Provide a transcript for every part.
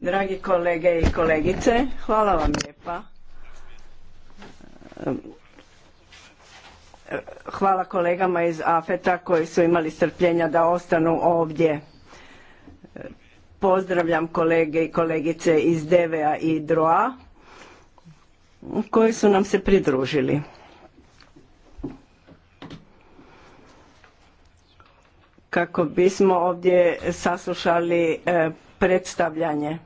Dragi kolege i kolegice, hvala vam lijepa. Ehm, hvala kolegama iz AFETA koji su imali strpljenja da ostanu ovdje. Pozdravljam kolege i kolegice iz DEVEA i DROA koji su nam se pridružili. kako bismo ovdje saslušali e, predstavljanje.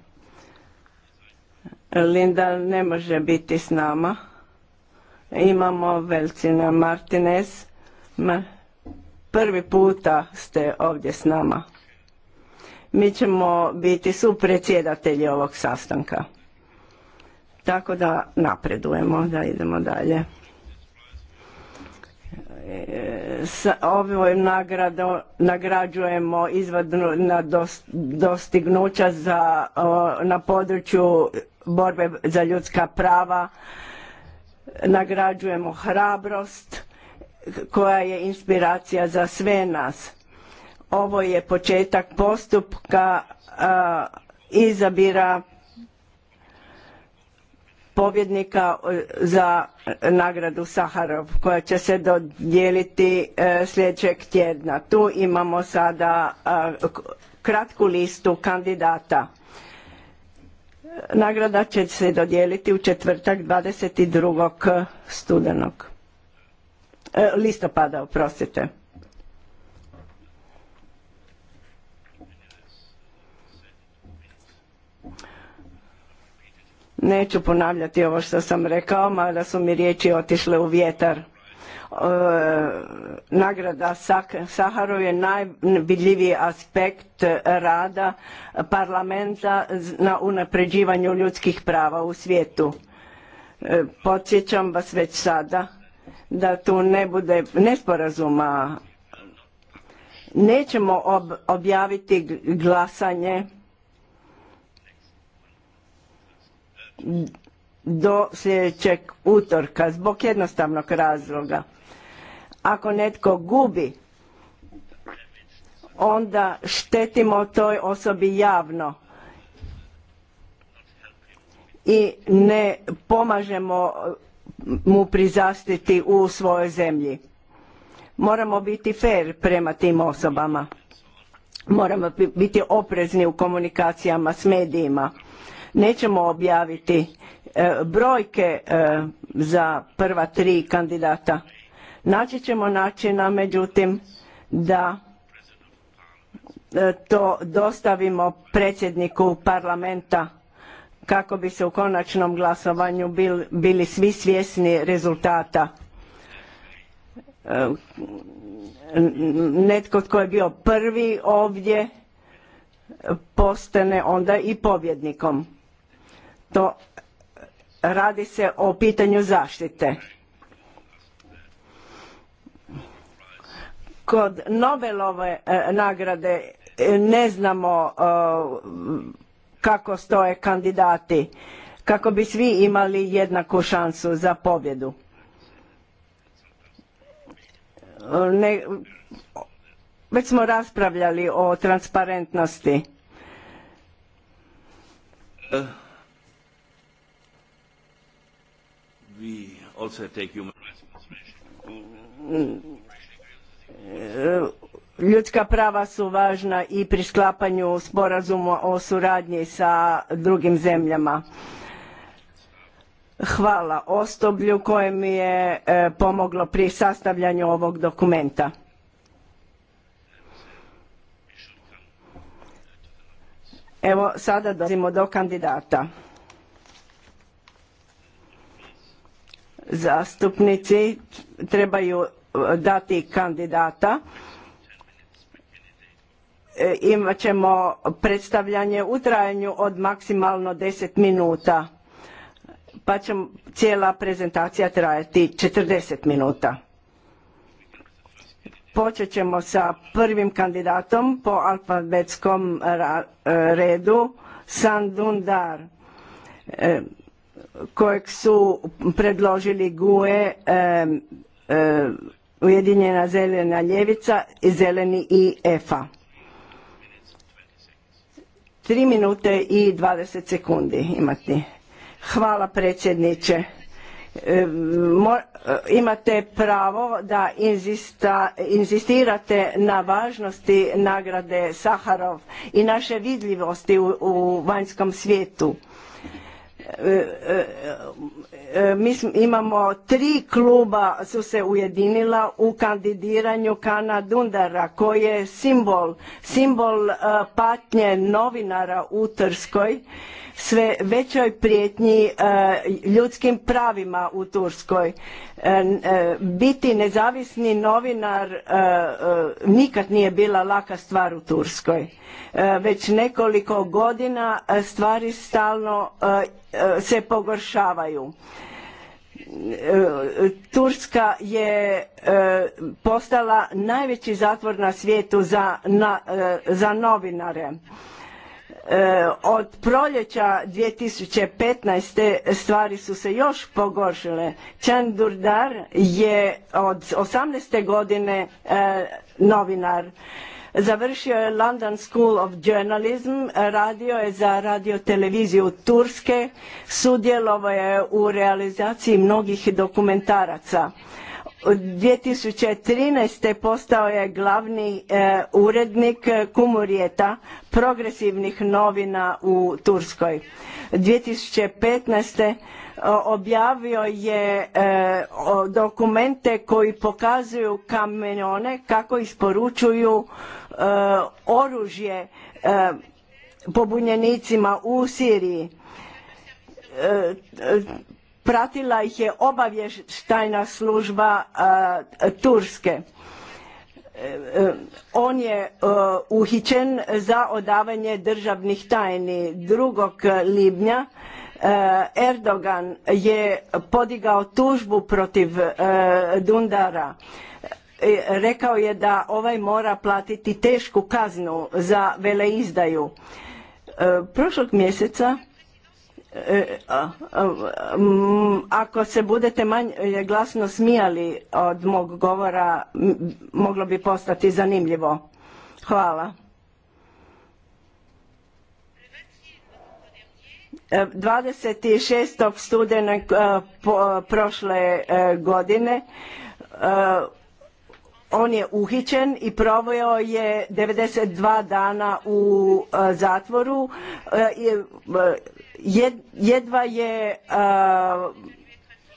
Linda ne može biti s nama. Imamo Velcina Martinez. Prvi puta ste ovdje s nama. Mi ćemo biti supredsjedatelji ovog sastanka. Tako da napredujemo, da idemo dalje s ovom nagradom nagrađujemo izvadna dostignuća na području borbe za ljudska prava, nagrađujemo hrabrost koja je inspiracija za sve nas. Ovo je početak postupka izabira pobjednika e, za e, nagradu Saharov koja će se dodijeliti e, sljedećeg tjedna. Tu imamo sada kratku listu kandidata. Nagrada će se dodijeliti u četvrtak 22. studenog. Listopada, oprostite. Neću ponavljati ovo što sam rekao, mada su mi riječi otišle u vjetar. E, nagrada Saharov je najvidljiviji aspekt rada parlamenta na unapređivanju ljudskih prava u svijetu. E, podsjećam vas već sada da tu ne bude nesporazuma. Nećemo objaviti glasanje do sljedećeg utorka zbog jednostavnog razloga. Ako netko gubi, onda štetimo toj osobi javno i ne pomažemo mu prizastiti u svojoj zemlji. Moramo biti fer prema tim osobama. Moramo biti oprezni u komunikacijama s medijima Nećemo objaviti e, brojke e, za prva tri kandidata. Naći ćemo načina, međutim, da e, to dostavimo predsjedniku parlamenta kako bi se u konačnom glasovanju bili svi svjesni rezultata. Netko tko je bio prvi ovdje postane onda i pobjednikom to radi se o pitanju zaštite. Kod Nobelove e, nagrade e, ne znamo e, kako stoje kandidati kako bi svi imali jednaku šansu za pobjedu. već smo raspravljali o transparentnosti. we mm. Ljudska prava su važna i pri sklapanju sporazuma o suradnji sa drugim zemljama. Hvala ostoblju koje mi je e, pomoglo pri sastavljanju ovog dokumenta. Evo sada dolazimo do kandidata. zastupnici trebaju e, dati kandidata. E, imat ćemo predstavljanje u trajanju od maksimalno 10 minuta, pa će cijela prezentacija trajati 40 minuta. Počet ćemo sa prvim kandidatom po alfabetskom e, redu, Sandundar. Dundar kojeg su predložili GUE, Ujedinjena zelena ljevica, i zeleni i EFA. Tri minute i 20 sekundi imati. Hvala predsjedniče. imate pravo da inzistirate na važnosti nagrade Saharov i naše vidljivosti u vanjskom svijetu E, e, e, mi imamo tri kluba su se ujedinila u kandidiranju Kana Dundara koji je simbol, simbol patnje novinara u Trskoj sve većoj prijetnji e, ljudskim pravima u Turskoj. E, e, biti nezavisni novinar nikad nije bila laka stvar u Turskoj. Već nekoliko godina stvari stalno se pogoršavaju. Turska je postala najveći zatvor na svijetu za, za novinare E, od proljeća 2015. stvari su se još pogoršile. Čan Durdar je od 18. godine e, novinar. Završio je London School of Journalism, radio je za radio televiziju Turske, sudjelovao je u realizaciji mnogih dokumentaraca 2013. postao je glavni e, urednik Kumurijeta progresivnih novina u Turskoj. 2015. E, objavio je e, dokumente koji pokazuju kamenone kako isporučuju oružje pobunjenicima u Siriji pratila ih je obavještajna služba Turske. E, e, on je e, uhićen za odavanje državnih tajni. 2. libnja Erdogan je podigao tužbu protiv Dundara. Rekao je da ovaj mora platiti tešku kaznu za veleizdaju. Prošlog mjeseca E, ako se budete manje glasno smijali od mog govora moglo bi postati zanimljivo hvala 26. E, studenog e, prošle godine on je uhićen i proveo je 92 dana u zatvoru jedva je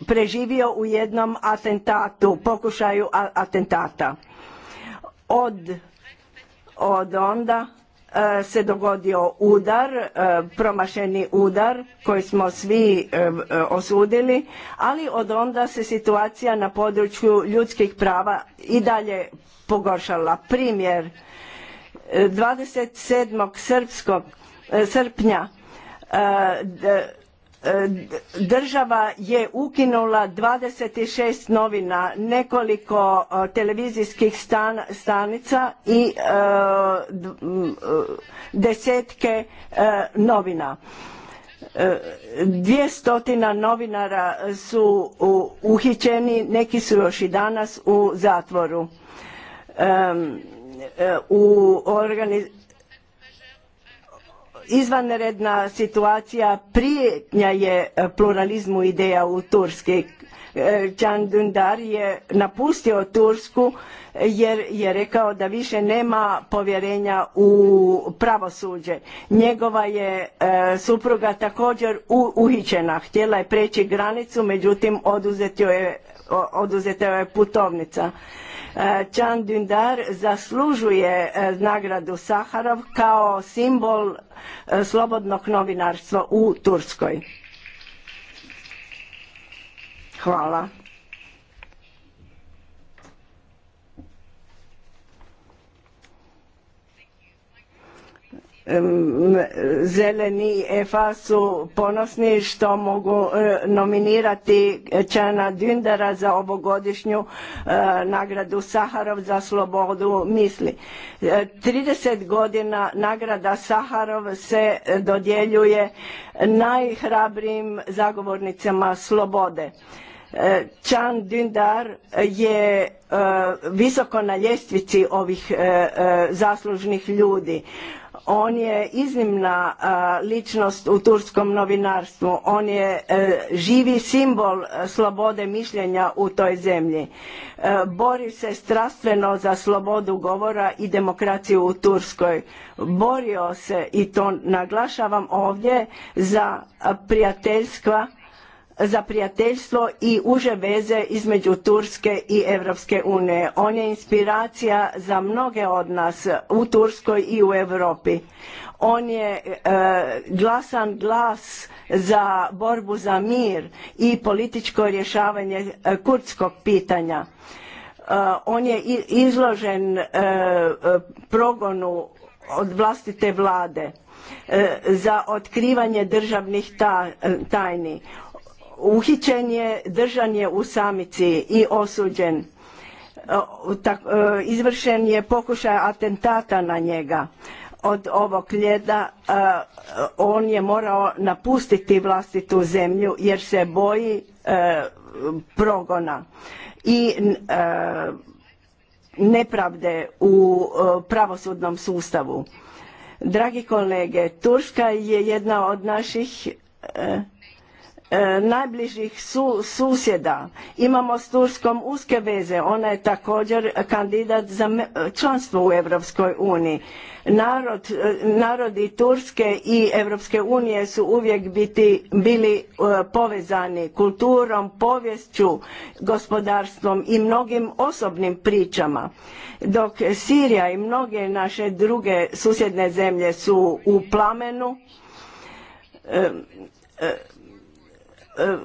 preživio u jednom atentatu, pokušaju atentata. Od, onda se dogodio udar, promašeni udar koji smo svi osudili, ali od onda se situacija na području ljudskih prava i dalje pogoršala. Primjer, 27. srpskog e, srpnja država je ukinula 26 novina, nekoliko e, televizijskih stanica i e, e, desetke novina. 200 novinara su uhićeni, neki su još i danas u zatvoru. u organiz izvanredna situacija prijetnja je e, pluralizmu ideja u Turski. Can e, Dündar je napustio Tursku e, jer je rekao da više nema povjerenja u pravosuđe. Njegova je supruga također uhićena. Htjela je preći granicu, međutim oduzeta je, je putovnica. Čan e, Dündar zaslužuje e, nagradu Saharov kao simbol e, slobodnog novinarstva u Turskoj. Hvala. Zeleni EFA su ponosni što mogu e, nominirati Čana Dündara za ovogodišnju e, nagradu Saharov za slobodu misli. 30 e, godina nagrada Saharov se dodjeljuje najhrabrijim zagovornicama slobode. Čan Dündar je visoko na ljestvici ovih zaslužnih ljudi on je iznimna ličnost u turskom novinarstvu on je e, živi simbol e, slobode mišljenja u toj zemlji e, bori se strastveno za slobodu govora i demokraciju u turskoj borio se i to naglašavam ovdje za prijateljstva za prijateljstvo i uže veze između Turske i Europske unije. On je inspiracija za mnoge od nas u Turskoj i u Europi. On je e, glasan glas za borbu za mir i političko rješavanje e, kurdskog pitanja. E, on je izložen progonu od vlastite vlade za otkrivanje državnih tajni uhićen je, držan je u samici i osuđen. E, e, izvršen je pokušaj atentata na njega. Od ovog ljeda e, on je morao napustiti vlastitu zemlju jer se boji progona i nepravde u pravosudnom sustavu. Dragi kolege, Turska je jedna od naših E, najbližih susjeda. Imamo s Turskom uske veze, ona je također kandidat za članstvo u Europskoj uniji. E, narodi Turske i Europske unije su uvijek biti, bili e, povezani kulturom, poviješću, gospodarstvom i mnogim osobnim pričama. Dok Sirija i mnoge naše druge susjedne zemlje su u plamenu, E,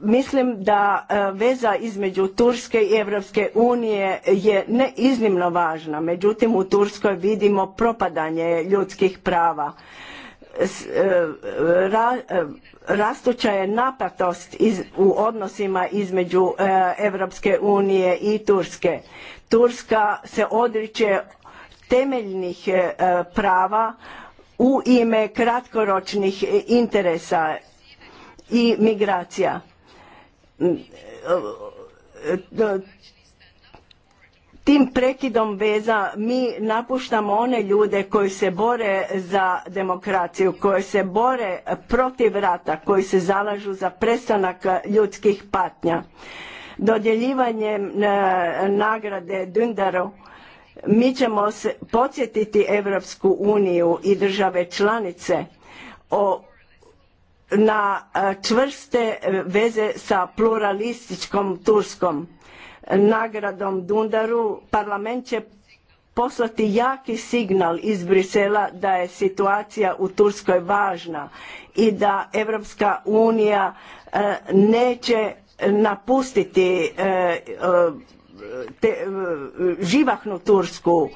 mislim da e, veza između Turske i Europske unije je neiznimno važna, međutim u Turskoj vidimo propadanje ljudskih prava. E, rastuća je napetost u odnosima između Europske unije i Turske. Turska se odriče temeljnih prava u ime kratkoročnih interesa i migracija. Tim prekidom veza mi napuštamo one ljude koji se bore za demokraciju, koji se bore protiv rata, koji se zalažu za prestanak ljudskih patnja. Dodjeljivanjem e, nagrade Dundaru mi ćemo podsjetiti Europsku uniju i države članice o na e, čvrste e, veze sa pluralističkom Turskom. Nagradom Dundaru parlament će poslati jaki signal iz Brisela da je situacija u Turskoj važna i da Evropska unija e, neće napustiti živahnu Tursku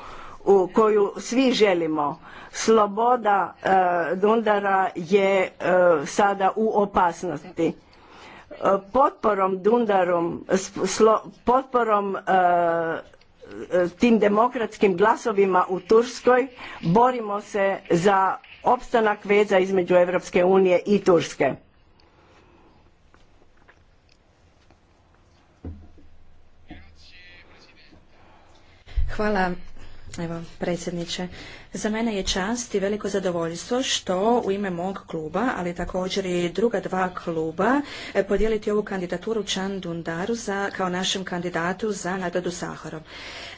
u koju svi želimo. Sloboda e, Dundara je e, sada u opasnosti. E, potporom Dundarom, potporom tim demokratskim glasovima u Turskoj borimo se za opstanak veza između Europske unije i Turske. Hvala Evo, predsjedniče, za mene je čast i veliko zadovoljstvo što u ime mog kluba, ali također i druga dva kluba, e, podijeliti ovu kandidaturu Čan Dundaru za, kao našem kandidatu za nagradu Saharov.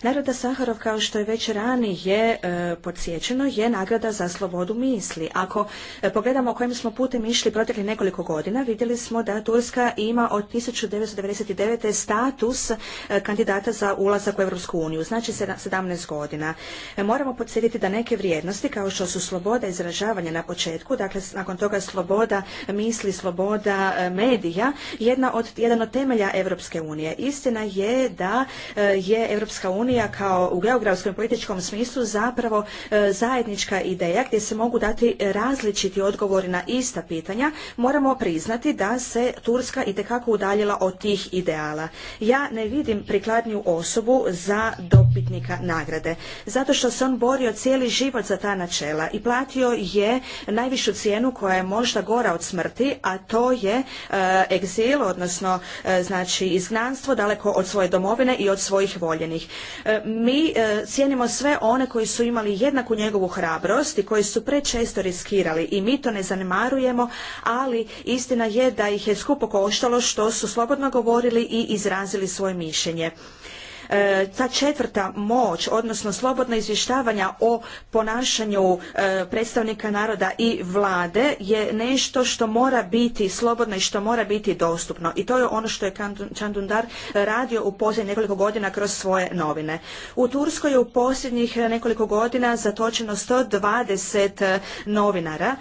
Nagrada Saharov, kao što je već ranije je podsjećeno, je nagrada za slobodu misli. Ako pogledamo pogledamo kojim smo putem išli proteklih nekoliko godina, vidjeli smo da Turska ima od 1999. status e, kandidata za ulazak u Europsku uniju, znači 17 godina. E, moramo podsjetiti da ne neke vrijednosti kao što su sloboda izražavanja na početku, dakle nakon toga sloboda misli, sloboda e, medija, jedna od, jedan od temelja Europske unije. Istina je da e, je Europska unija kao u geografskom političkom smislu zapravo e, zajednička ideja gdje se mogu dati različiti odgovori na ista pitanja, moramo priznati da se Turska i itekako udaljila od tih ideala. Ja ne vidim prikladniju osobu za dobitnika nagrade, zato što se on borio cijeli život za ta načela i platio je najvišu cijenu koja je možda gora od smrti, a to je eh, egzil, odnosno eh, znači izgnanstvo daleko od svoje domovine i od svojih voljenih. Eh, mi cijenimo sve one koji su imali jednaku njegovu hrabrost i koji su prečesto riskirali i mi to ne zanemarujemo, ali istina je da ih je skupo koštalo što su slobodno govorili i izrazili svoje mišljenje. E, ta četvrta moć, odnosno slobodno izvještavanja o ponašanju e, predstavnika naroda i vlade je nešto što mora biti slobodno i što mora biti dostupno. I to je ono što je Čandundar radio u posljednjih nekoliko godina kroz svoje novine. U Turskoj je u posljednjih nekoliko godina zatočeno 120 e, novinara,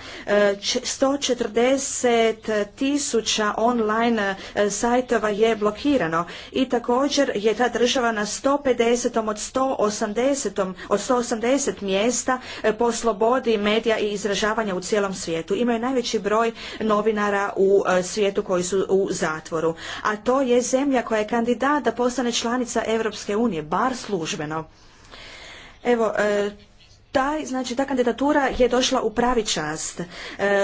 140 tisuća online sajtova je blokirano i također je ta država na 150. od 180. od 180 mjesta e, po slobodi medija i izražavanja u cijelom svijetu. Imaju najveći broj novinara u e, svijetu koji su u zatvoru. A to je zemlja koja je kandidat da postane članica Europske unije, bar službeno. Evo, e, taj, znači, ta kandidatura je došla u pravi čast. E,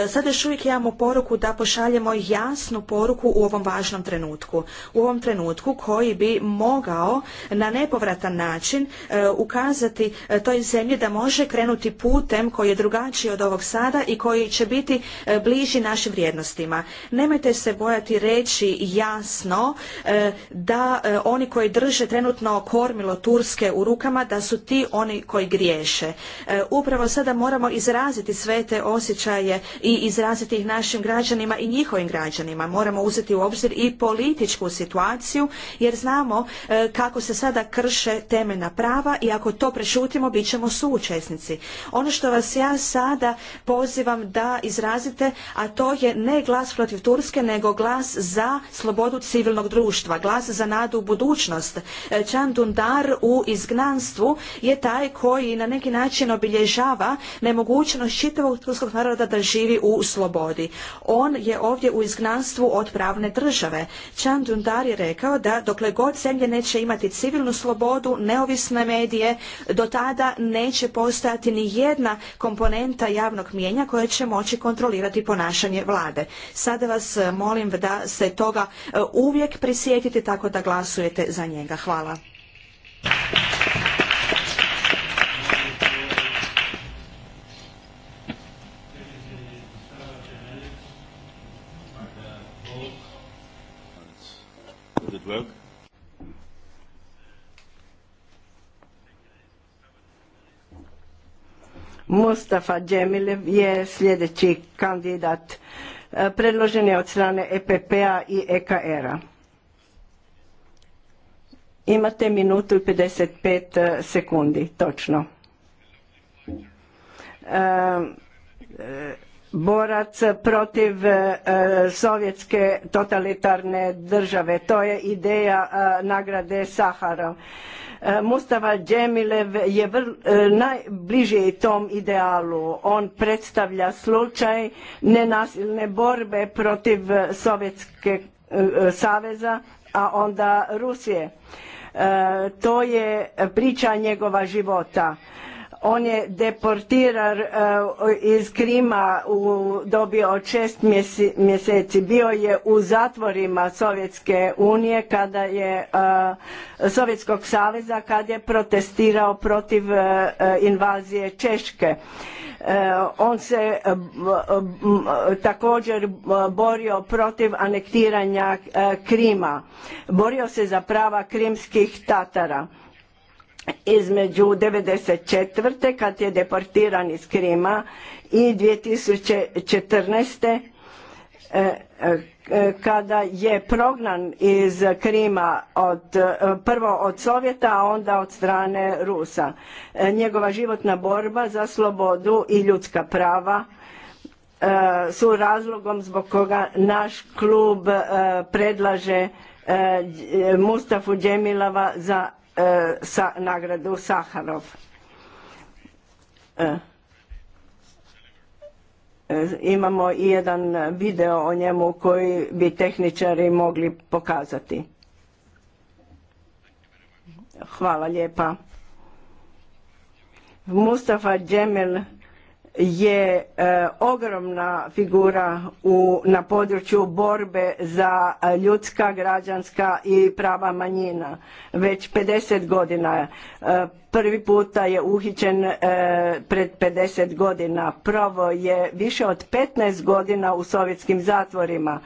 sada još uvijek imamo poruku da pošaljemo jasnu poruku u ovom važnom trenutku. U ovom trenutku koji bi mogao na nepovratan način e, ukazati e, toj zemlji da može krenuti putem koji je drugačiji od ovog sada i koji će biti e, bliži našim vrijednostima. Nemojte se bojati reći jasno da oni koji drže trenutno kormilo Turske u rukama da su ti oni koji griješe E, upravo sada moramo izraziti sve te osjećaje i izraziti ih našim građanima i njihovim građanima. Moramo uzeti u obzir i političku situaciju jer znamo e, kako se sada krše temeljna prava i ako to prešutimo bit ćemo suučesnici. Ono što vas ja sada pozivam da izrazite, a to je ne glas protiv Turske, nego glas za slobodu civilnog društva, glas za nadu u budućnost. E, Čan Dundar u izgnanstvu je taj koji na neki način način obilježava nemogućnost čitavog turskog naroda da živi u slobodi. On je ovdje u izgnanstvu od pravne države. Čan Dundar je rekao da dokle god zemlje neće imati civilnu slobodu, neovisne medije, do tada neće postojati ni jedna komponenta javnog mijenja koja će moći kontrolirati ponašanje vlade. Sada vas e, molim da se toga e, uvijek prisjetite tako da glasujete za njega. Hvala. Mustafa Džemilev je sljedeći kandidat e, predložen je od strane EPP-a i EKR-a. Imate minutu i 55 e, sekundi, točno. E, borac protiv sovjetske totalitarne države, to je ideja nagrade Sahara Eh, Mustafa Džemilev je eh, najbliže tom idealu. On predstavlja slučaj nenasilne borbe protiv eh, Sovjetske saveza, a onda Rusije. To je priča njegova života on je deportiran e, iz Krima, u, dobio šest mjeseci. Bio je u zatvorima Sovjetske unije kada je, e, Sovjetskog saveza kad je protestirao protiv e, invazije Češke. On se također borio protiv anektiranja Krima. Borio se za prava krimskih Tatara između 1994. kad je deportiran iz Krima i 2014. E, e, kada je prognan iz Krima e, prvo od Sovjeta, a onda od strane Rusa. Njegova životna borba za slobodu i ljudska prava su razlogom zbog koga naš klub predlaže Mustafu Džemilava za E, sa nagradu Saharov. E, e, imamo i jedan video o njemu koji bi tehničari mogli pokazati. Hvala lijepa. Mustafa Džemil je e, ogromna figura na području borbe za e, ljudska, građanska i prava manjina. Već 50 godina. E, prvi puta je uhićen pred 50 godina. prvo je više od 15 godina u sovjetskim zatvorima.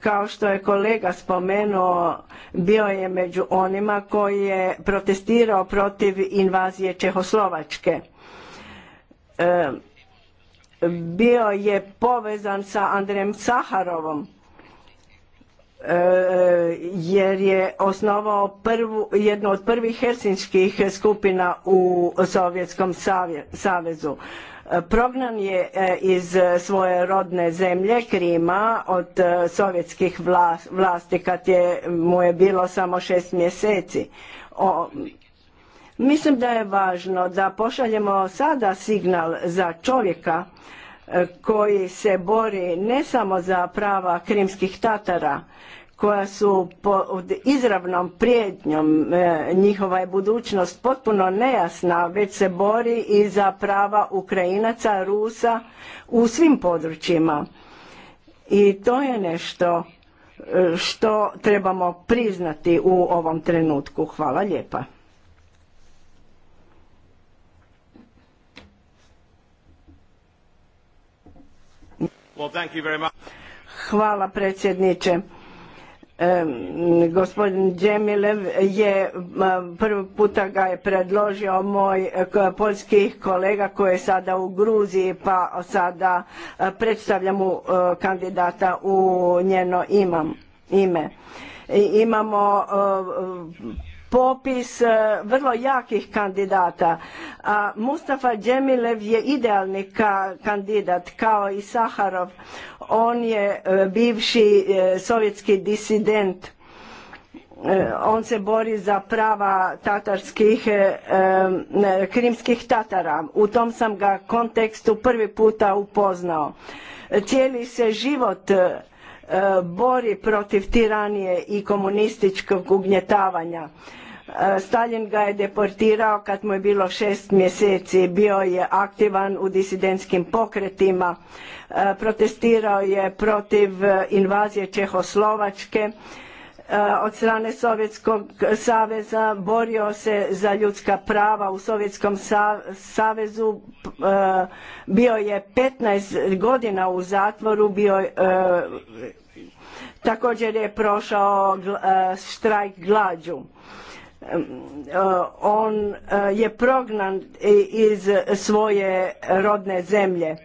Kao što je kolega spomenuo, bio je među onima koji je protestirao protiv invazije Čehoslovačke bio je povezan sa Andrejem Saharovom e, jer je osnovao prvu, jednu od prvih hersinskih skupina u Sovjetskom savezu. E, prognan je e, iz svoje rodne zemlje Krima od sovjetskih vlasti kad je, mu je bilo samo šest mjeseci. O, Mislim da je važno da pošaljemo sada signal za čovjeka e, koji se bori ne samo za prava krimskih tatara koja su pod izravnom prijetnjom e, njihova je budućnost potpuno nejasna već se bori i za prava Ukrajinaca, Rusa u svim područjima. I to je nešto e, što trebamo priznati u ovom trenutku. Hvala lijepa. Hvala predsjedniče. gospodin Džemilev je prvi puta ga je predložio moj e, poljski kolega koji je sada u Gruziji pa sada e, mu e, kandidata u njeno imam, ime. imamo popis e, vrlo jakih kandidata. A Mustafa Džemilev je idealni kandidat kao i Saharov. On je e, bivši e, sovjetski disident. On se bori za prava tatarskih, krimskih tatara. U tom sam ga kontekstu prvi puta upoznao. Cijeli se život bori protiv tiranije i komunističkog ugnjetavanja E, Stalin ga je deportirao kad mu je bilo šest mjeseci, bio je aktivan u disidentskim pokretima, e, protestirao je protiv e, invazije Čehoslovačke od strane Sovjetskog saveza, borio se za ljudska prava u Sovjetskom savezu, bio je 15 godina u zatvoru, bio također je prošao štrajk glađu E, on e, je prognan iz svoje rodne zemlje.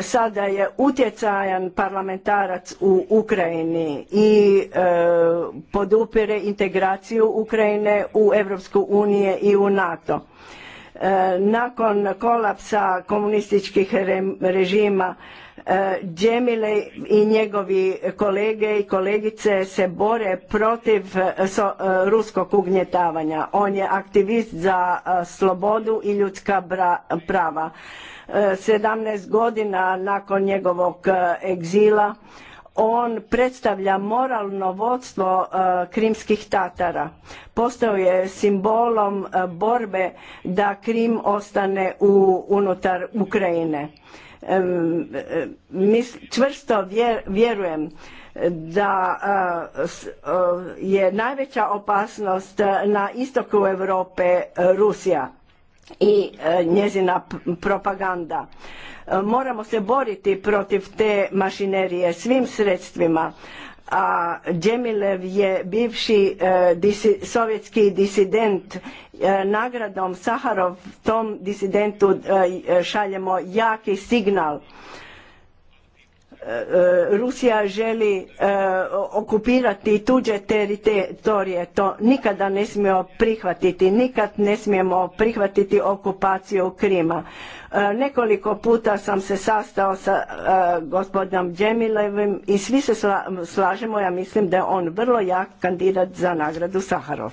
Sada je utjecajan parlamentarac u Ukrajini i e, podupire integraciju Ukrajine u Europsku uniju i u NATO. Nakon kolapsa komunističkih režima Džemile i njegovi kolege i kolegice se bore protiv e, e, ruskog ugnjetavanja. On je aktivist za e, slobodu i ljudska prava. 17 godina nakon njegovog egzila on predstavlja moralno vodstvo krimskih tatara. Postao je simbolom borbe da Krim ostane u, unutar Ukrajine Mis, čvrsto vjerujem da je najveća opasnost na istoku Europe Rusija i e, njezina propaganda. Moramo se boriti protiv te mašinerije svim sredstvima a Džemilev je bivši e, sovjetski disident e, nagradom Saharov tom disidentu e, šaljemo jaki signal E, Rusija želi e, okupirati tuđe teritorije, to nikada ne smijemo prihvatiti, nikad ne smijemo prihvatiti okupaciju Krima. E, nekoliko puta sam se sastao sa gospodinom Džemilevim i svi se slažemo, ja mislim da je on vrlo jak kandidat za nagradu Saharov.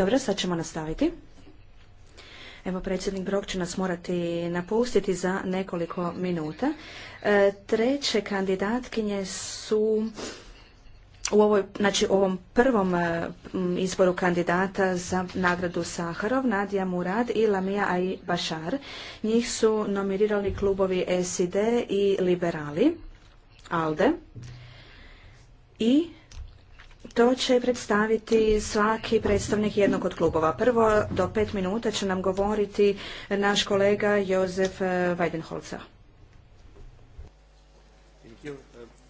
Dobro, sad ćemo nastaviti. Evo, predsjednik Brok će nas morati napustiti za nekoliko minuta. E, treće kandidatkinje su u ovoj, znači, ovom prvom e, izboru kandidata za nagradu Saharov, Nadija Murad i Lamija Aj Bašar. Njih su nominirali klubovi SID i Liberali, ALDE i to će predstaviti svaki predstavnik jednog od klubova. Prvo do pet minuta će nam govoriti naš kolega Jozef eh, Weidenholza.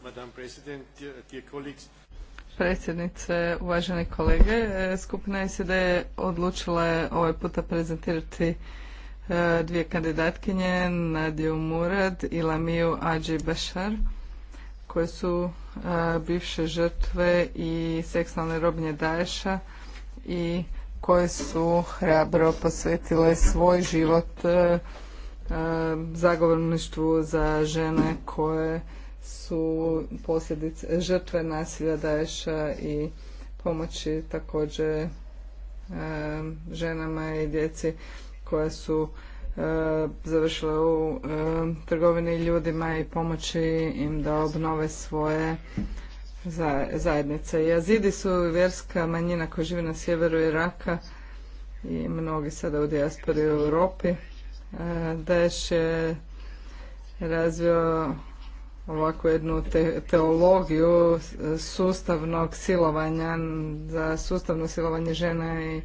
Eh, Predsjednice, uvaženi kolege, eh, skupina SED je odlučila ovaj puta prezentirati dvije kandidatkinje, Nadiju Murad i Lamiju Ađi Bašar koje su e, bivše žrtve i seksualne robnje Daješa i koje su hrabro posvetile svoj život e, e, zagovorništvu za žene koje su posljedice žrtve nasilja Daješa i pomoći također ženama i djeci koja su E, završile u e, trgovini ljudima i pomoći im da obnove svoje zajednice. Jazidi su vjerska manjina koja živi na sjeveru Iraka i mnogi sada u dijaspori u Europi. E, da je razvio ovakvu jednu teologiju sustavnog silovanja, za sustavno silovanje žena i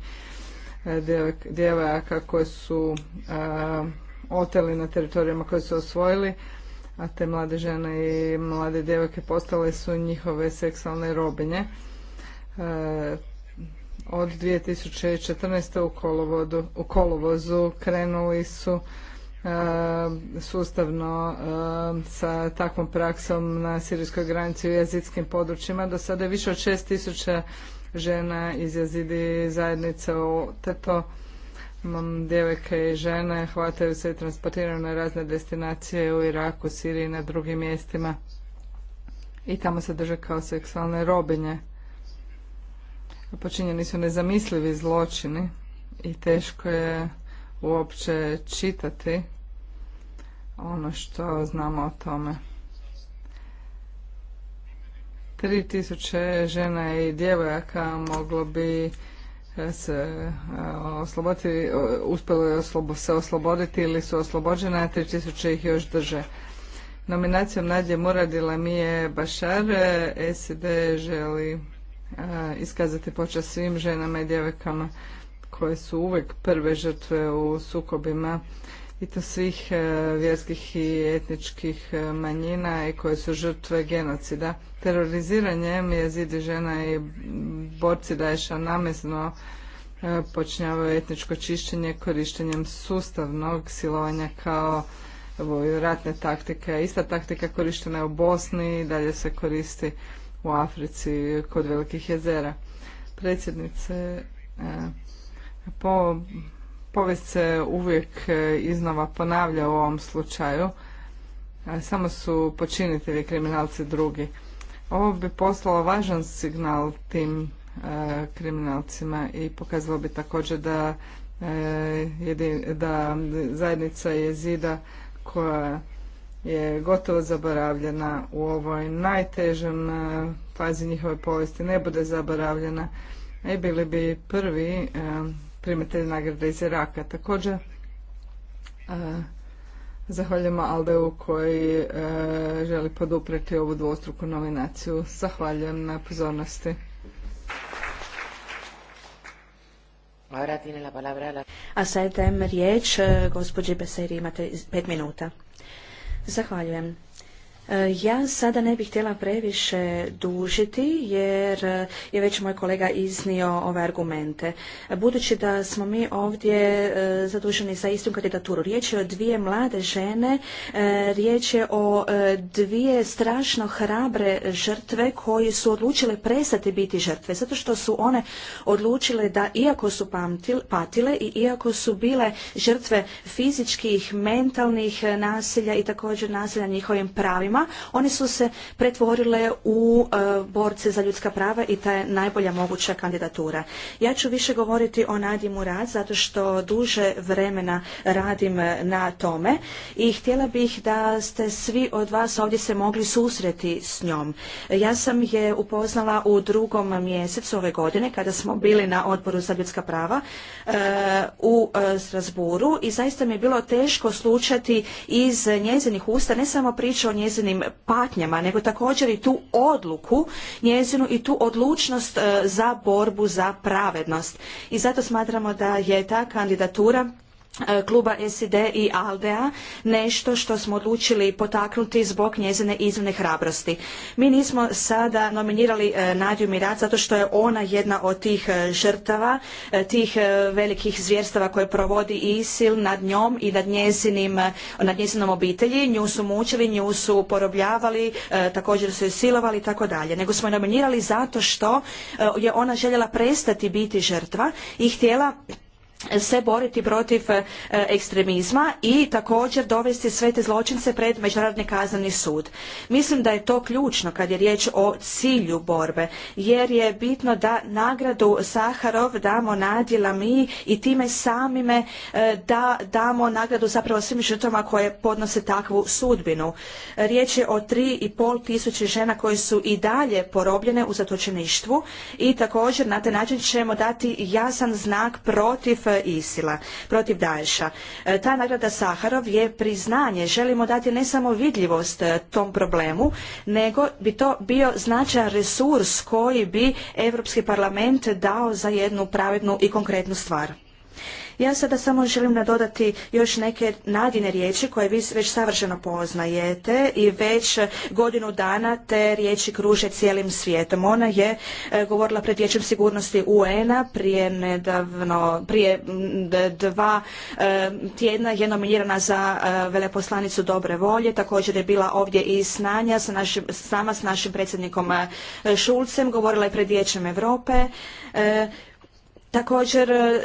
djevojaka koje su oteli na teritorijama koje su osvojili, a te mlade žene i mlade djevojke postale su njihove seksualne robinje. Od 2014. u, kolovodu, u kolovozu krenuli su sustavno sa takvom praksom na sirijskoj granici u jezitskim područjima. Do sada je više od 6000 žena iz jazidi zajednice u Teto. Imam djevojke i žene, hvataju se i transportiraju na razne destinacije u Iraku, Siriji i na drugim mjestima. I tamo se drže kao seksualne robinje. Počinjeni su nezamislivi zločini i teško je uopće čitati ono što znamo o tome. 3000 žena i djevojaka moglo bi e, se e, osloboditi, uspjelo se osloboditi ili su oslobođene, a 3000 ih još drže. Nominacijom Nadje Muradi Lamije Bašar e, SED želi iskazati počast svim ženama i djevojkama koje su uvijek prve žrtve u sukobima i to svih e, vjerskih i etničkih e, manjina i koje su žrtve genocida. teroriziranje jezidi žena i borci Daješa namezno e, počinjavaju etničko čišćenje korištenjem sustavnog silovanja kao ratne taktike. Ista taktika korištena je u Bosni i dalje se koristi u Africi kod velikih jezera. Predsjednice, po povijest se uvijek eh, iznova ponavlja u ovom slučaju. Samo su počinitelji kriminalci drugi. Ovo bi poslalo važan signal tim eh, kriminalcima i pokazalo bi također da, zajednica eh, da zajednica jezida koja je gotovo zaboravljena u ovoj najtežem fazi njihove povijesti ne bude zaboravljena i e, bili bi prvi primatelj nagrade iz Iraka. Također, e, Zahvaljujemo Aldeu koji e, želi podupreti ovu dvostruku nominaciju. Zahvaljujem na pozornosti. A sad dajem riječ, e, gospođi Beseri, imate pet minuta. Zahvaljujem. E, ja sada ne bih htjela previše dužiti jer je već moj kolega iznio ove argumente. Budući da smo mi ovdje e, zaduženi za istu kandidaturu, riječ je o dvije mlade žene, e, riječ je o dvije strašno hrabre žrtve koje su odlučile prestati biti žrtve, zato što su one odlučile da iako su patile i iako su bile žrtve fizičkih, mentalnih nasilja i također nasilja njihovim pravima, one su se pretvorile u e, borce za ljudska prava i ta je najbolja moguća kandidatura. Ja ću više govoriti o Nadi Rad, zato što duže vremena radim e, na tome i htjela bih da ste svi od vas ovdje se mogli susreti s njom. Ja sam je upoznala u drugom mjesecu ove godine kada smo bili na odboru za ljudska prava e, u Strasburu i zaista mi je bilo teško slučati iz njezinih usta ne samo priča o njezinim njezinim patnjama, nego također i tu odluku njezinu i tu odlučnost e, za borbu za pravednost. I zato smatramo da je ta kandidatura E, kluba SID i ALDEA nešto što smo odlučili potaknuti zbog njezine izvne hrabrosti. Mi nismo sada nominirali e, Nadju Mirat zato što je ona jedna od tih e, žrtava, tih velikih zvjerstava koje provodi ISIL nad njom i nad, nad njezinom obitelji. Nju su mučili, nju su porobljavali, također su je silovali i tako dalje. Nego smo je nominirali zato što je ona željela prestati biti žrtva i htjela se boriti protiv e, ekstremizma i također dovesti sve te zločince pred Međunarodni kazneni sud. Mislim da je to ključno kad je riječ o cilju borbe, jer je bitno da nagradu Saharov damo nadjela mi i time samime e, da damo nagradu zapravo svim žrtvama koje podnose takvu sudbinu. Riječ je o tri i pol tisuće žena koje su i dalje porobljene u zatočeništvu i također na taj način ćemo dati jasan znak protiv e, Isila, protiv Daesha. E, ta nagrada Saharov je priznanje, želimo dati ne samo vidljivost e, tom problemu, nego bi to bio značajan resurs koji bi Europski parlament dao za jednu pravednu i konkretnu stvar. Ja sada samo želim nadodati još neke nadine riječi koje vi već savršeno poznajete i već godinu dana te riječi kruže cijelim svijetom. Ona je e, govorila pred Vijećem sigurnosti UN-a prije nedavno, prije dva e, tjedna je nominirana za e, veleposlanicu dobre volje, također je bila ovdje i snanja sa našim, sama s našim predsjednikom Šulcem, govorila je pred Vijećem Europe. Također e, e,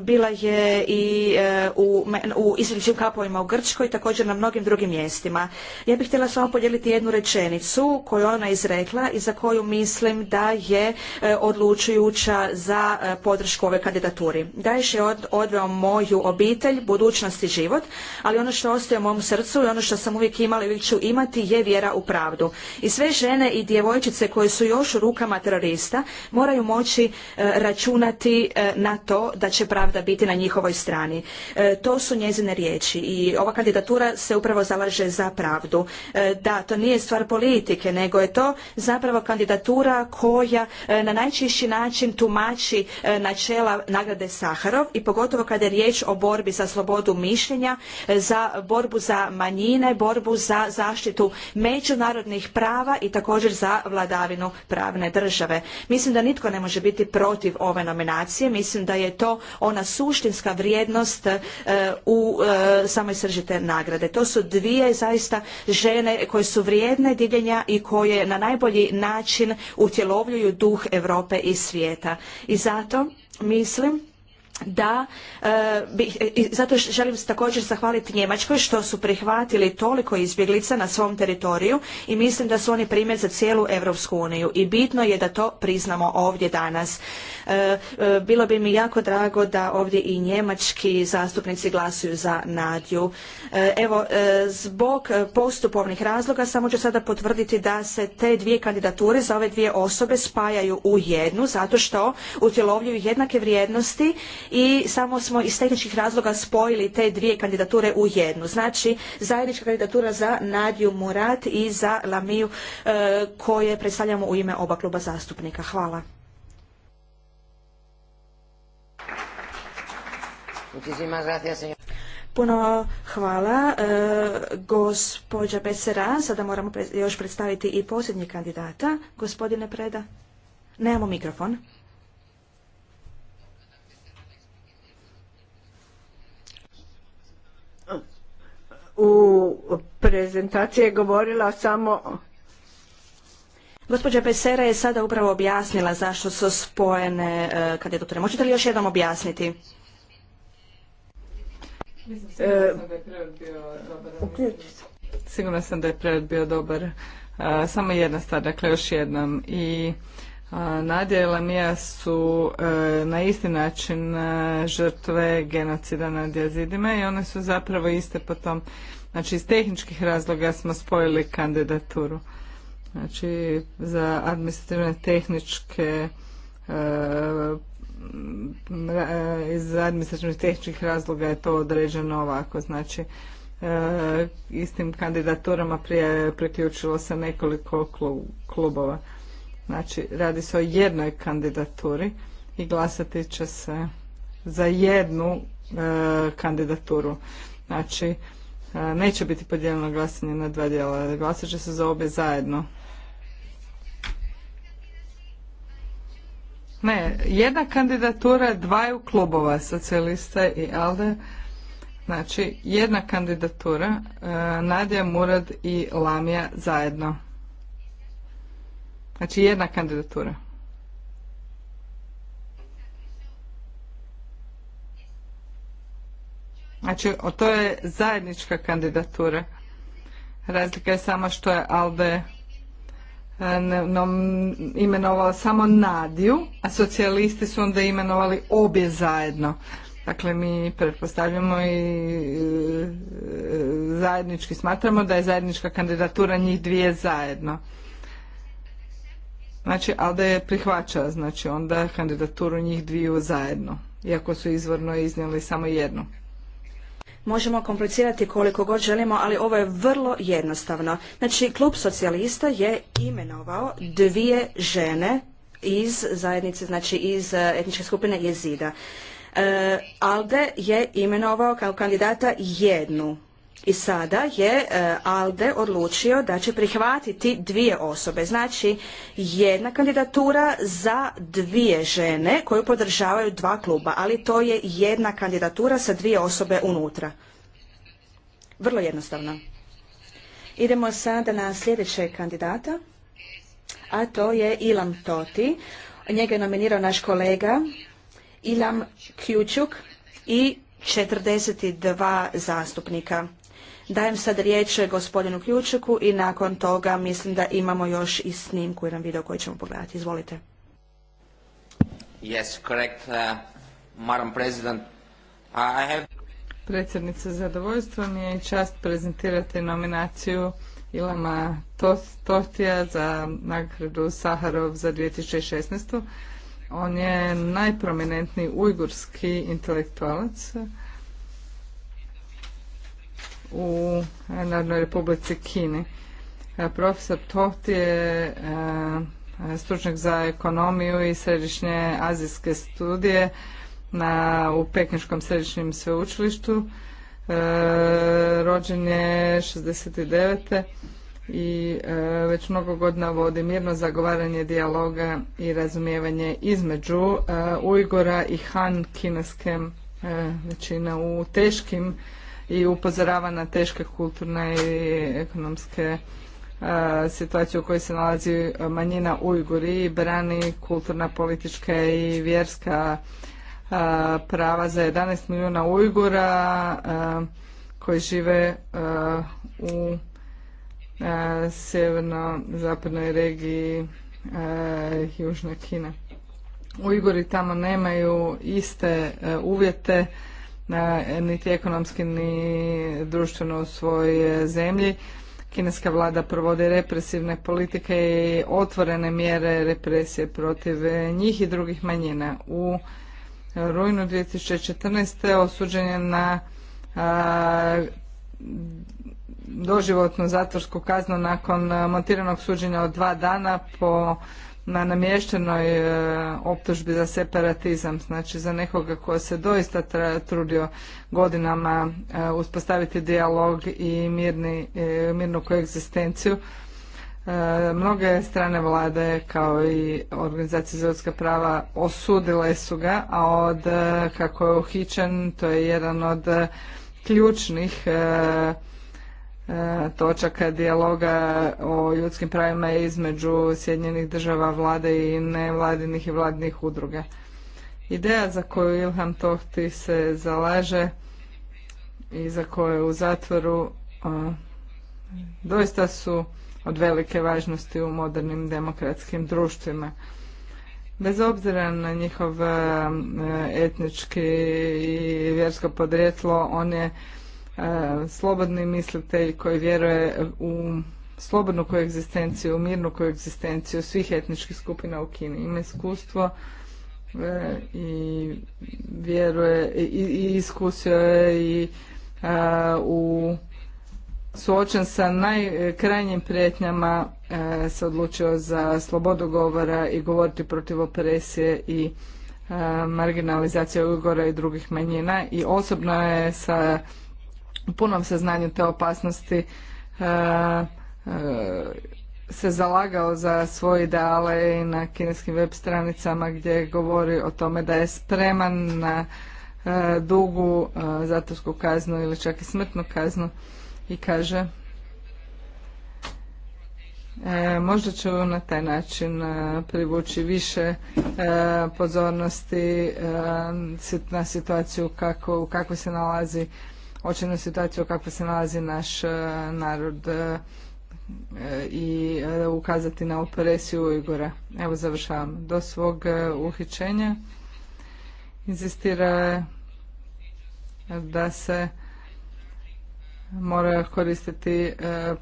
bila je i e, u, u izličnim kapovima u Grčkoj, također na mnogim drugim mjestima. Ja bih htjela samo podijeliti jednu rečenicu koju ona izrekla i za koju mislim da je odlučujuća za podršku ove kandidaturi. Daješ je odveo moju obitelj, budućnost i život, ali ono što ostaje u mom srcu i ono što sam uvijek imala i uvijek ću imati je vjera u pravdu. I sve žene i djevojčice koje su još u rukama terorista moraju moći računati računati e, na to da će pravda biti na njihovoj strani. E, to su njezine riječi i ova kandidatura se upravo zalaže za pravdu. E, da, to nije stvar politike, nego je to zapravo kandidatura koja na najčišći način tumači načela nagrade Saharov i pogotovo kada je riječ o borbi za slobodu mišljenja, za borbu za manjine, borbu za zaštitu međunarodnih prava i također za vladavinu pravne države. Mislim da nitko ne može biti protiv ove nominacije informacije. Mislim da je to ona suštinska vrijednost e, u e, samoj srži te nagrade. To su dvije zaista žene koje su vrijedne divljenja i koje na najbolji način utjelovljuju duh Europe i svijeta. I zato mislim da e, e, i zato želim također zahvaliti Njemačkoj što su prihvatili toliko izbjeglica na svom teritoriju i mislim da su oni primjer za cijelu Europsku uniju i bitno je da to priznamo ovdje danas. E, bilo bi mi jako drago da ovdje i njemački zastupnici glasuju za Nadju. Evo, zbog postupovnih razloga samo ću sada potvrditi da se te dvije kandidature za ove dvije osobe spajaju u jednu zato što utjelovljuju jednake vrijednosti i samo smo iz tehničkih razloga spojili te dvije kandidature u jednu. Znači zajednička kandidatura za Nadiju Murat i za Lamiju e, koje predstavljamo u ime oba kluba zastupnika. Hvala. Puno hvala. E, gospođa Besera, sada moramo još predstaviti i posljednji kandidata. Gospodine Preda, nemamo mikrofon. u prezentaciji je govorila samo Gospođa Pesera je sada upravo objasnila zašto su spojene je kandidature. Možete li još jednom objasniti? Sigurno sam da je prevod bio dobar. E, samo jedna stvar, dakle još jednom. I Nadjela i Lamija su e, na isti način e, žrtve genocida nad jazidima i one su zapravo iste po tom, znači iz tehničkih razloga smo spojili kandidaturu. Znači za administrativne tehničke e, iz administrativnih tehničkih razloga je to određeno ovako, znači istim kandidaturama prije priključilo se nekoliko klubova. Znači, radi se o jednoj kandidaturi i glasati će se za jednu e, kandidaturu. Znači, e, neće biti podijeljeno glasanje na dva dijela, glasat će se za obje zajedno. Ne, jedna kandidatura dvaju klubova, socijalista i ALDE. Znači, jedna kandidatura, e, Nadija Murad i Lamija zajedno. Znači jedna kandidatura. Znači, to je zajednička kandidatura. Razlika je samo što je Alde e, imenovala samo Nadiju, a socijalisti su onda imenovali obje zajedno. Dakle, mi pretpostavljamo i e, zajednički smatramo da je zajednička kandidatura njih dvije zajedno. Znači, ALDE je prihvaća, znači onda kandidaturu njih dviju zajedno, iako su izvorno iznijeli samo jednu. Možemo komplicirati koliko god želimo, ali ovo je vrlo jednostavno. Znači, klub socijalista je imenovao dvije žene iz zajednice, znači iz e, etničke skupine jezida. E, ALDE je imenovao kao kandidata jednu i sada je e, ALDE odlučio da će prihvatiti dvije osobe. Znači, jedna kandidatura za dvije žene koju podržavaju dva kluba, ali to je jedna kandidatura sa dvije osobe unutra. Vrlo jednostavno. Idemo sada na sljedećeg kandidata, a to je Ilam Toti. Njega je nominirao naš kolega Ilam Kjučuk i 42 zastupnika. Dajem sad riječ gospodinu Ključeku i nakon toga mislim da imamo još i snimku, jedan video koji ćemo pogledati. Izvolite. Yes, correct, uh, Madam President. Uh, I have... Predsjednice, zadovoljstvo mi je i čast prezentirati nominaciju Ilama Tohtija za nagradu Saharov za 2016. On je najprominentniji ujgurski intelektualac u Narodnoj Republici Kini. E, profesor Toht je e, stručnjak za ekonomiju i središnje azijske studije na, u Pekinškom središnjem sveučilištu. E, rođen je 69. i već mnogo godina vodi mirno zagovaranje dijaloga i razumijevanje između Ujgora i Han kineske većina u teškim i upozorava na teške kulturne i ekonomske e, situacije u kojoj se nalazi e, manjina Ujguri i brani kulturna, politička i vjerska e, prava za 11 milijuna Ujgura koji žive u sjeverno-zapadnoj regiji Južne Kine. Ujguri tamo nemaju iste uvjete niti ekonomski ni društveno u svojoj zemlji. Kineska vlada provodi represivne politike i otvorene mjere represije protiv njih i drugih manjina. U rujnu 2014. osuđen je na doživotnu zatvorsku kaznu nakon montiranog suđenja od dva dana po na namještenoj e, optužbi za separatizam, znači za nekoga koja se doista trudio godinama e, uspostaviti dijalog i e, mirnu koegzistenciju. Mnoge strane vlade kao i organizacije za ljudska prava osudile su ga, a od kako je uhićen to je jedan od ključnih E, točaka dijaloga o ljudskim pravima između Sjedinjenih država vlade i nevladinih i vladinih udruga. Ideja za koju Ilham Tohti se zalaže i za koje u zatvoru e, doista su od velike važnosti u modernim demokratskim društvima. Bez obzira na njihov e, etnički i vjersko podrijetlo, on je E, slobodni mislitelj koji vjeruje u slobodnu koegzistenciju, mirnu koegzistenciju svih etničkih skupina u Kini. Ima iskustvo e, i vjeruje i, iskusio je i e, u suočen sa najkrajnjim prijetnjama se odlučio za slobodu govora i govoriti protiv opresije i marginalizacije Ugora i drugih manjina i osobno je sa punom saznanju te opasnosti e, e, se zalagao za svoje ideale i na kineskim web stranicama gdje govori o tome da je spreman na e, dugu zatvorsku kaznu ili čak i smrtnu kaznu i kaže E, možda ću na taj način privući više pozornosti na situaciju u kakvoj se nalazi očinu situaciju kako se nalazi naš e, narod e, e, i ukazati na operesiju Ujgura. Evo završavam. Do svog uhićenja inzistira da se mora koristiti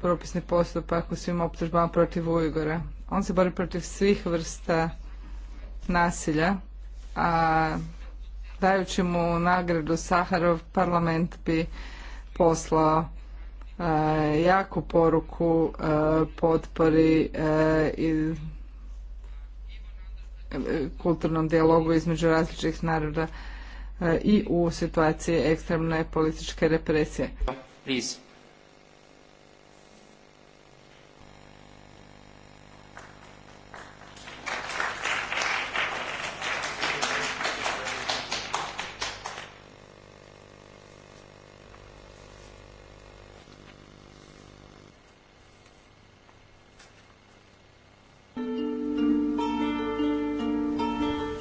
propisni postupak u svim optužbama protiv Ujgora. On se bori protiv svih vrsta nasilja, a dajući mu nagradu Saharov parlament bi poslao e, jaku poruku e, potpori e, i kulturnom dijalogu između različitih naroda i u situaciji ekstremne političke represije.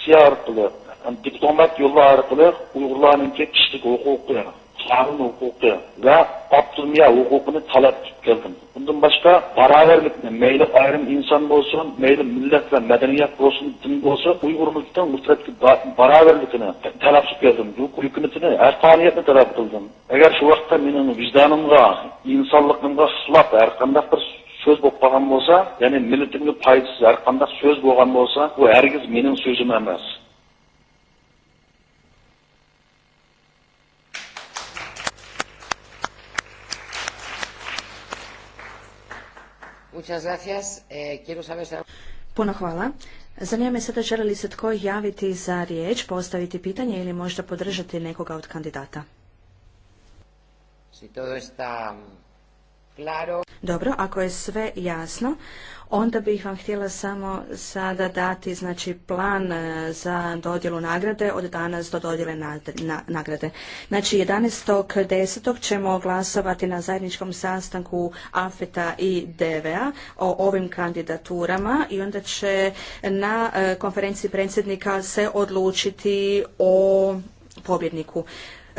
missiya orqali diplomat yolu orqali uyg'urlarninki kishilik huquqi qonun huquqi ve avtonomiya huquqini talab talep geldim. bundan başka barobarlikni meyli ayrım insan olsun, meyli millet ve medeniyet olsun, din bo'lsin talep barobarlikni talab qilib geldim. hukumatini haqqoniyatni talab qildim agar shu vaqtda mening vijdonimga insonligimga xilop har bir söz boqqan bolsa, yani millətimizin faydası arqanda söz boqqan bolsa, bu hərгиз mənim sözüm emas. Muchas gracias. Eh, quiero saber si... Puno hvala. Zanima me sada žele li se tko javiti za riječ, postaviti pitanje ili možda podržati nekoga od kandidata. Si todo está mm, claro. Dobro, ako je sve jasno, onda bih vam htjela samo sada dati znači plan e, za dodjelu nagrade od danas do dodjele nagrade. Znači 11.10. ćemo glasovati na zajedničkom sastanku AFETA i DVA o ovim kandidaturama i onda će na e, konferenciji predsjednika se odlučiti o pobjedniku.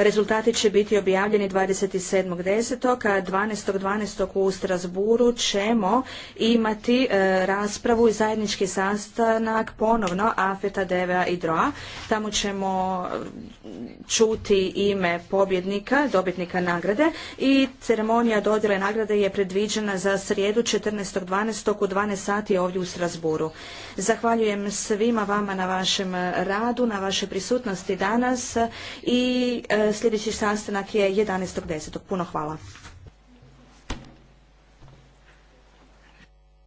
Rezultati će biti objavljeni 27.10. a 12.12. u Strasburu ćemo imati e, raspravu i zajednički sastanak ponovno AFETA, DEVA i DROA. Tamo ćemo e, čuti ime pobjednika, dobitnika nagrade i ceremonija dodjele nagrade je predviđena za srijedu 14.12. u 12 sati ovdje u Strasburu. Zahvaljujem svima vama na vašem radu, na vašoj prisutnosti danas i e, Sljedeći sastanak je 11.10. Puno hvala.